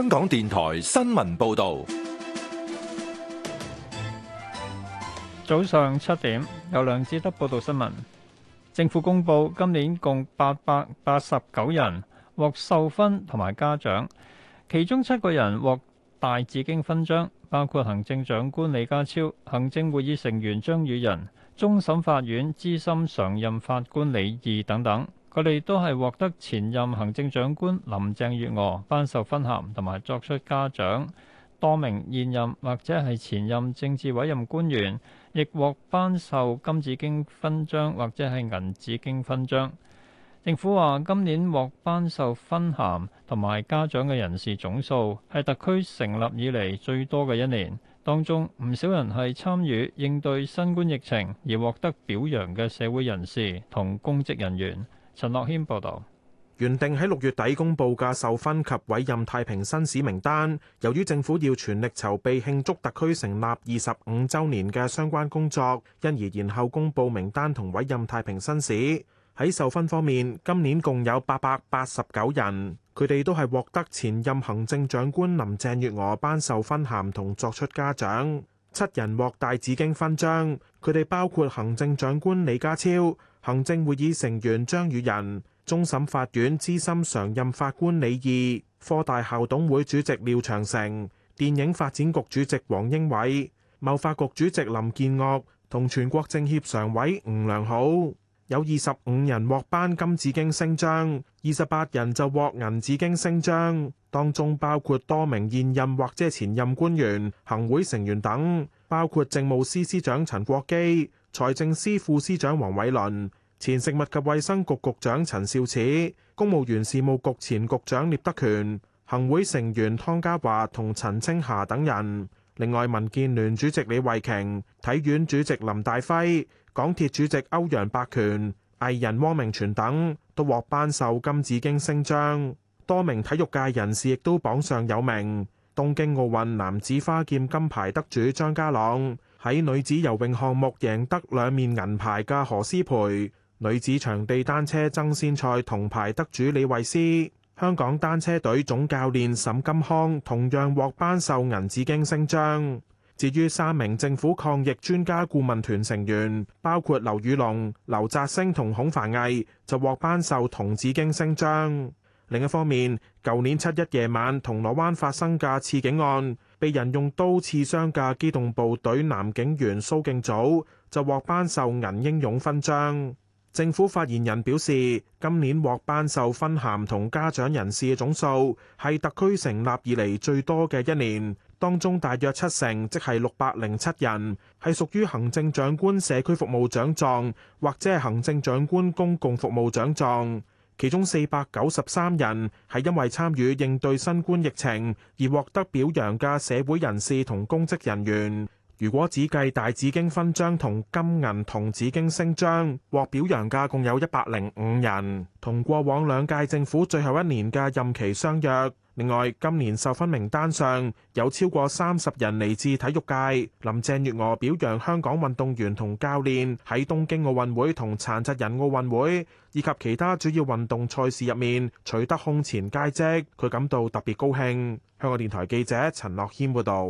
香港電台新聞報道，早上七點由梁志德報道新聞。政府公布今年共八百八十九人獲授勳同埋嘉獎，其中七個人獲大紫荊勳章，包括行政長官李家超、行政會議成員張宇人、終審法院資深常任法官李義等等。佢哋都係獲得前任行政長官林鄭月娥頒授勳銜，同埋作出嘉獎。多名現任或者係前任政治委任官員亦獲頒授金紫荊勳章或者係銀紫荊勳章。政府話，今年獲頒授勳銜同埋嘉獎嘅人士總數係特區成立以嚟最多嘅一年。當中唔少人係參與應對新冠疫情而獲得表揚嘅社會人士同公職人員。陳樂謙報道，原定喺六月底公布嘅授勳及委任太平紳士名單，由於政府要全力籌備慶祝特區成立二十五周年嘅相關工作，因而延後公布名單同委任太平紳士。喺授勳方面，今年共有八百八十九人，佢哋都係獲得前任行政長官林鄭月娥頒授勳銜同作出嘉獎。七人獲大紫荊勳章，佢哋包括行政長官李家超。行政會議成員張宇人、終審法院資深常任法官李義、科大校董會主席廖長成、電影發展局主席王英偉、貿發局主席林建岳同全國政協常委吳良好。有二十五人獲頒金紫荊星章，二十八人就獲銀紫荊星章。當中包括多名現任或者前任官員、行會成員等，包括政務司司長陳國基、財政司副司長黃偉綸、前食物及衛生局局長陳肇始、公務員事務局前局長聶德權、行會成員湯家驊同陳清霞等人。另外，民建聯主席李慧瓊、體院主席林大輝、港鐵主席歐陽伯權、藝人汪明荃等都獲頒授金紫荊星章。多名體育界人士亦都榜上有名。東京奧運男子花劍金牌得主張家朗，喺女子游泳項目贏得兩面銀牌嘅何詩蓓，女子場地單車爭先賽銅牌得主李慧詩。香港單車隊總教練沈金康同樣獲頒授銀紫荊星章。至於三名政府抗疫專家顧問團成員，包括劉宇龍、劉澤星同孔繁毅，就獲頒授銅紫荊星章。另一方面，舊年七一夜晚銅鑼灣發生嘅刺警案，被人用刀刺傷嘅機動部隊男警員蘇敬祖，就獲頒授銀英勇勳章。政府發言人表示，今年獲頒授勳銜同嘉獎人士嘅總數係特區成立以嚟最多嘅一年，當中大約七成，即係六百零七人，係屬於行政長官社區服務獎狀或者係行政長官公共服務獎狀，其中四百九十三人係因為參與應對新冠疫情而獲得表揚嘅社會人士同公職人員。如果只計大紫荊勳章同金銀銅紫荊星章獲表揚嘅共有一百零五人，同過往兩屆政府最後一年嘅任期相若。另外，今年授勳名單上有超過三十人嚟自體育界。林鄭月娥表揚香港運動員同教練喺東京奧運會同殘疾人奧運會以及其他主要運動賽事入面取得空前佳績，佢感到特別高興。香港電台記者陳樂謙報道。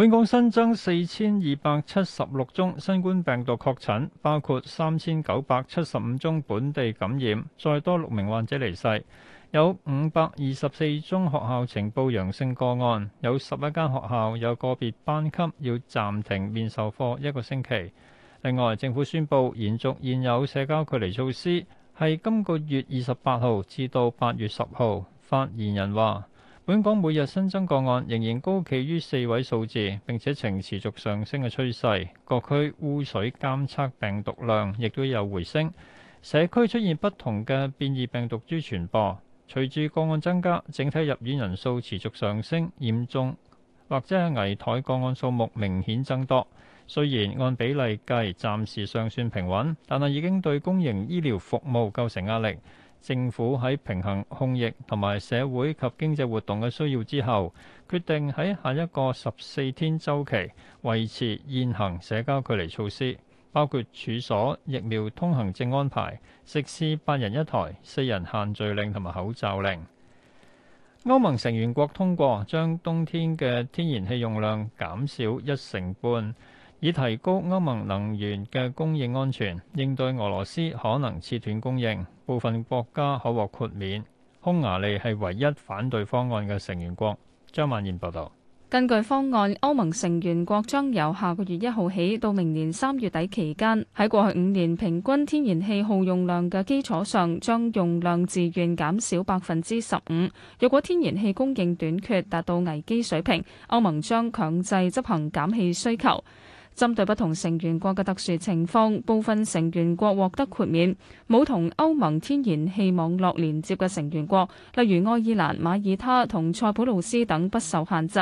本港新增四千二百七十六宗新冠病毒確診，包括三千九百七十五宗本地感染，再多六名患者離世。有五百二十四宗學校呈報陽性個案，有十一間學校有個別班級要暫停面授課一個星期。另外，政府宣布延續現有社交距離措施，係今個月二十八號至到八月十號。發言人話。本港每日新增個案仍然高企於四位數字，並且呈持續上升嘅趨勢，各區污水監測病毒量亦都有回升，社區出現不同嘅變異病毒株傳播。隨住個案增加，整體入院人數持續上升，嚴重或者係危殆個案數目明顯增多。雖然按比例計暫時尚算平穩，但係已經對公營醫療服務構成壓力。政府喺平衡控疫同埋社會及經濟活動嘅需要之後，決定喺下一個十四天周期維持現行社交距離措施，包括處所疫苗通行證安排、食肆八人一台、四人限聚令同埋口罩令。歐盟成員國通過將冬天嘅天然氣用量減少一成半。以提高歐盟能源嘅供應安全，應對俄羅斯可能切斷供應，部分國家可獲豁免。匈牙利係唯一反對方案嘅成員國。張曼燕報導。根據方案，歐盟成員國將由下個月一號起到明年三月底期間，喺過去五年平均天然氣耗用量嘅基礎上，將用量自願減少百分之十五。若果天然氣供應短缺達到危機水平，歐盟將強制執行減氣需求。針對不同成員國嘅特殊情況，部分成員國獲得豁免。冇同歐盟天然氣網絡連接嘅成員國，例如愛爾蘭、馬耳他同塞浦路斯等不受限制。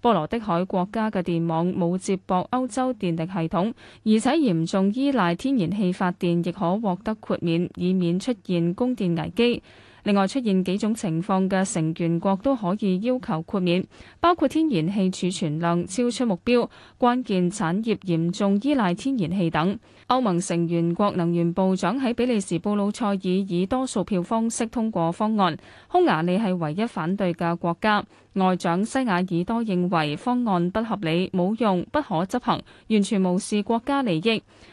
波羅的海國家嘅電網冇接駁歐洲電力系統，而且嚴重依賴天然氣發電，亦可獲得豁免，以免出現供電危機。另外出現幾種情況嘅成員國都可以要求豁免，包括天然氣儲存量超出目標、關鍵產業嚴重依賴天然氣等。歐盟成員國能源部長喺比利時布魯塞爾以多數票方式通過方案，匈牙利係唯一反對嘅國家。外長西雅爾多認為方案不合理、冇用、不可執行，完全無視國家利益。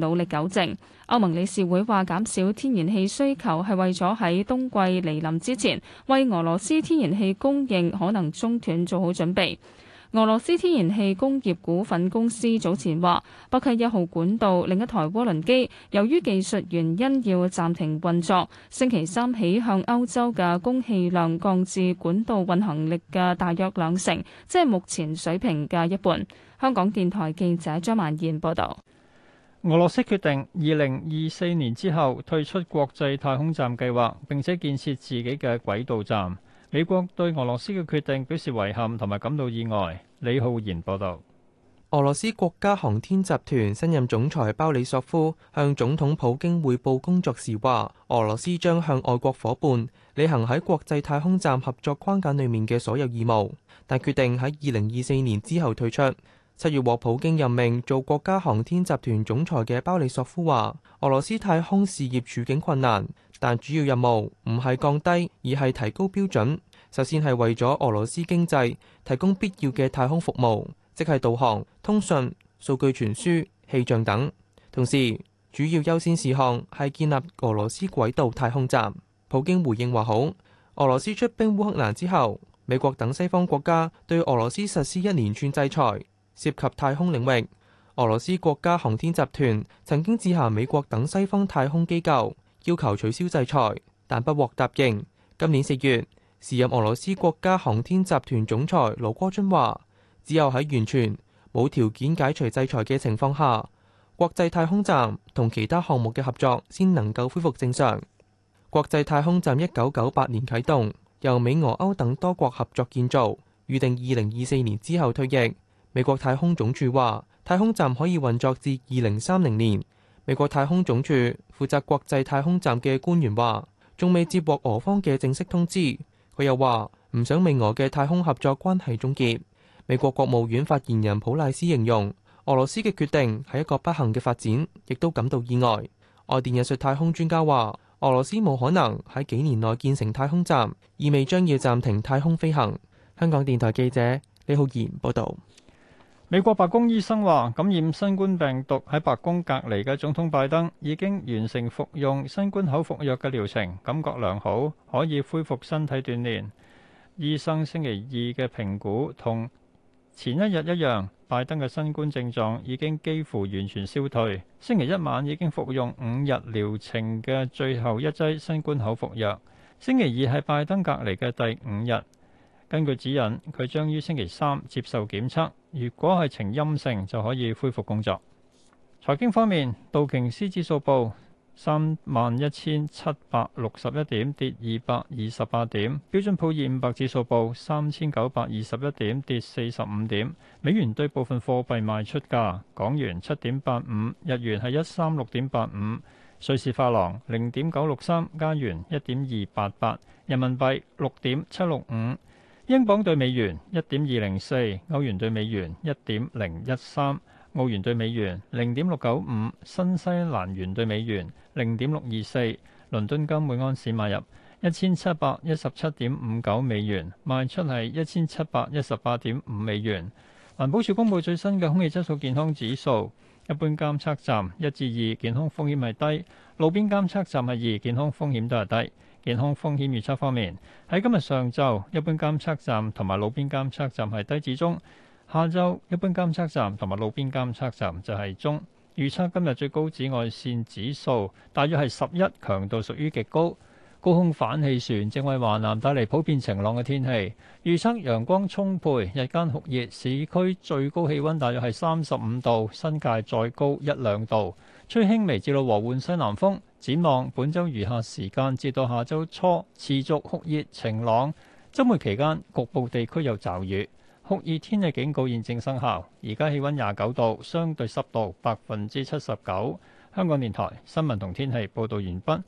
努力糾正。歐盟理事會話，減少天然氣需求係為咗喺冬季嚟臨之前，為俄羅斯天然氣供應可能中斷做好準備。俄羅斯天然氣工業股份公司早前話，北溪一號管道另一台渦輪機由於技術原因要暫停運作，星期三起向歐洲嘅供氣量降至管道運行力嘅大約兩成，即係目前水平嘅一半。香港電台記者張曼燕報道。俄羅斯決定二零二四年之後退出國際太空站計劃，並且建設自己嘅軌道站。美國對俄羅斯嘅決定表示遺憾同埋感到意外。李浩然報導。俄羅斯國家航天集團新任總裁鮑里索夫向總統普京匯報工作時話：俄羅斯將向外國伙伴履行喺國際太空站合作框架裏面嘅所有義務，但決定喺二零二四年之後退出。七月獲普京任命做國家航天集團總裁嘅鮑里索夫話：俄羅斯太空事業處境困難，但主要任務唔係降低，而係提高標準。首先係為咗俄羅斯經濟提供必要嘅太空服務，即係導航、通訊、數據傳輸、氣象等。同時，主要優先事項係建立俄羅斯軌道太空站。普京回應話：好。俄羅斯出兵烏克蘭之後，美國等西方國家對俄羅斯實施一連串制裁。涉及太空領域，俄羅斯國家航天集團曾經致函美國等西方太空機構要求取消制裁，但不獲答應。今年四月，時任俄羅斯國家航天集團總裁羅戈津話，只有喺完全冇條件解除制裁嘅情況下，國際太空站同其他項目嘅合作先能夠恢復正常。國際太空站一九九八年啟動，由美、俄、歐等多國合作建造，預定二零二四年之後退役。美國太空總署話，太空站可以運作至二零三零年。美國太空總署負責國際太空站嘅官員話，仲未接獲俄方嘅正式通知。佢又話，唔想美俄嘅太空合作關係終結。美國國務院發言人普賴斯形容，俄羅斯嘅決定係一個不幸嘅發展，亦都感到意外。外電引述太空專家話，俄羅斯冇可能喺幾年內建成太空站，意味將要暫停太空飛行。香港電台記者李浩然報導。美國白宮醫生話：感染新冠病毒喺白宮隔離嘅總統拜登已經完成服用新冠口服藥嘅療程，感覺良好，可以恢復身體鍛煉。醫生星期二嘅評估同前一日一樣，拜登嘅新冠症狀已經幾乎完全消退。星期一晚已經服用五日療程嘅最後一劑新冠口服藥。星期二係拜登隔離嘅第五日。根據指引，佢將於星期三接受檢測。如果係呈陰性，就可以恢復工作。財經方面，道瓊斯指數報三萬一千七百六十一點，跌二百二十八點。標準普爾五百指數報三千九百二十一點，跌四十五點。美元對部分貨幣賣出價：港元七點八五，日元係一三六點八五，瑞士法郎零點九六三，加元一點二八八，人民幣六點七六五。英鎊兌美元一點二零四，歐元兌美元一點零一三，13，澳元兌美元零點六九五，95，新西蘭元兌美元零點六二四。倫敦金每盎司買入一千七百一十七點五九美元，賣出係一千七百一十八點五美元。環保署公布最新嘅空氣質素健康指數，一般監測站一至二，2，健康風險係低；路邊監測站係二，健康風險都係低。健康風險預測方面，喺今日上晝，一般監測站同埋路邊監測站係低至中；下晝，一般監測站同埋路邊監測站就係中。預測今日最高紫外線指數大約係十一，強度屬於極高。高空反氣旋正為華南帶嚟普遍晴朗嘅天氣，預測陽光充沛，日間酷熱，市區最高氣溫大約係三十五度，新界再高一兩度，吹輕微至到和緩西南風。展望本週餘下時間至到下周初持續酷熱晴朗，周末期間局部地區有驟雨。酷熱天氣警告現正生效。而家氣溫廿九度，相對濕度百分之七十九。香港電台新聞同天氣報道完畢。